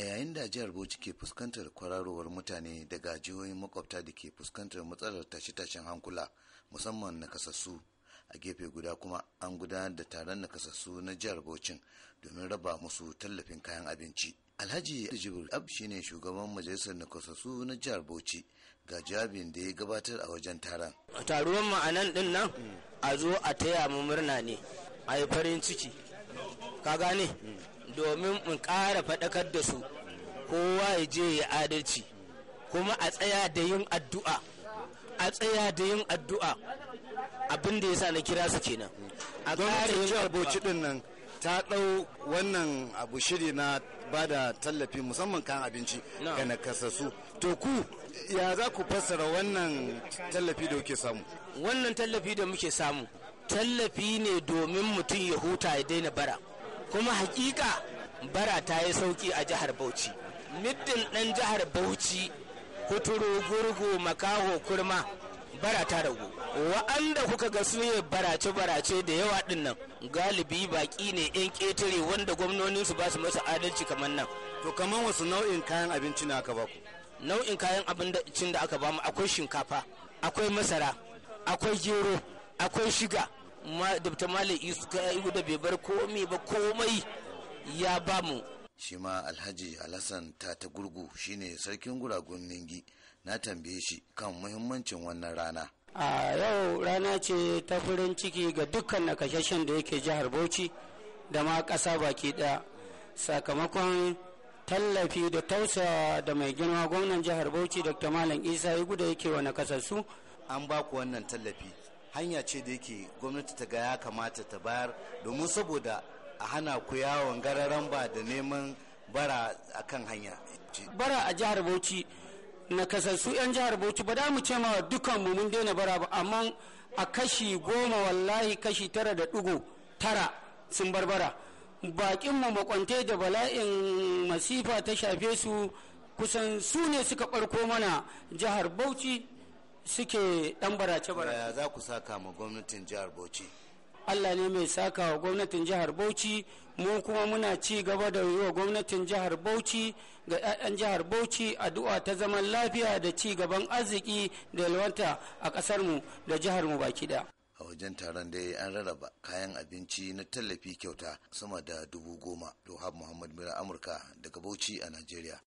a yayin da jihar bauchi ke fuskantar kwararowar mutane daga jihohin makwabta da ke fuskantar matsalar tashe-tashen hankula musamman nakasassu a gefe guda kuma an gudanar da taron nakasassu na jihar bauchi domin raba musu tallafin kayan abinci alhaji Jibril ab shine shugaban majalisar nakasassu na jihar bauchi ga jabin da ya gabatar a wajen taron taruwan ma'anan din nan a zo a taya mu murna ne a yi farin ciki ka gane domin in ƙara faɗakar da su kowa ya je ya adalci kuma a tsaya da yin addu'a a tsaya da yin addu'a abin da ya sa na kira su kenan a ƙara yin bauchi din nan ta ɗau wannan abu shiri na ba da tallafi musamman kan abinci ga kasasu to ku ya za ku fassara wannan tallafi da kuke samu wannan tallafi da muke samu tallafi ne domin mutum ya huta ya daina bara kuma hakika bara ta yi sauki a jihar bauchi middin ɗan jihar bauchi kuturu gurgu makaho kurma bara ta ragu wa'anda kuka ga su barace-barace da yawa dinnan galibi baƙi ne yan ƙetare wanda gwamnonin su ba su masa adalci kamar nan to kamar wasu nau'in kayan abinci na aka baku nau'in kayan abincin da aka bamu akwai shinkafa akwai masara akwai gero akwai shiga dr malam yi da bai bar komai ba komai ya bamu shi ma alhaji alhassan ta ta gurgu shine sarkin guragun ningi na tambaye shi kan muhimmancin wannan rana a yau rana ce ta farin ciki ga dukkan nakashashen da yake jihar bauchi da ma ƙasa baki ɗaya sakamakon tallafi da tausa da mai girma gwamnan jihar bauchi dr malam isa ya guda yake wa nakasassu an ba ku wannan tallafi hanya ce da yake gwamnati ta ga ya kamata ta bayar domin saboda a hana ku yawon gararan ba da neman bara a kan hanya. Bara a jihar Bauchi na kasassu 'yan jihar Bauchi ba da mu ce ma dukan mu mun daina bara ba amma a kashi goma wallahi kashi tara da ɗugu tara sun barbara. Bakin mu makwante da bala'in masifa ta shafe su kusan su ne suka ɓarko mana jihar Bauchi suke dan barace barace za ku saka ma gwamnatin jihar Bauchi Allah ne mai saka wa gwamnatin jihar Bauchi mu kuma muna ci gaba da yi wa gwamnatin jihar Bauchi ga 'ya'yan jihar Bauchi addu'a ta zaman lafiya da ci gaban arziki da yalwanta a ƙasarmu mu da jihar mu baki da. A wajen taron da an rarraba kayan abinci na tallafi kyauta sama da dubu goma. to Muhammad Mira Amurka daga Bauchi a Najeriya.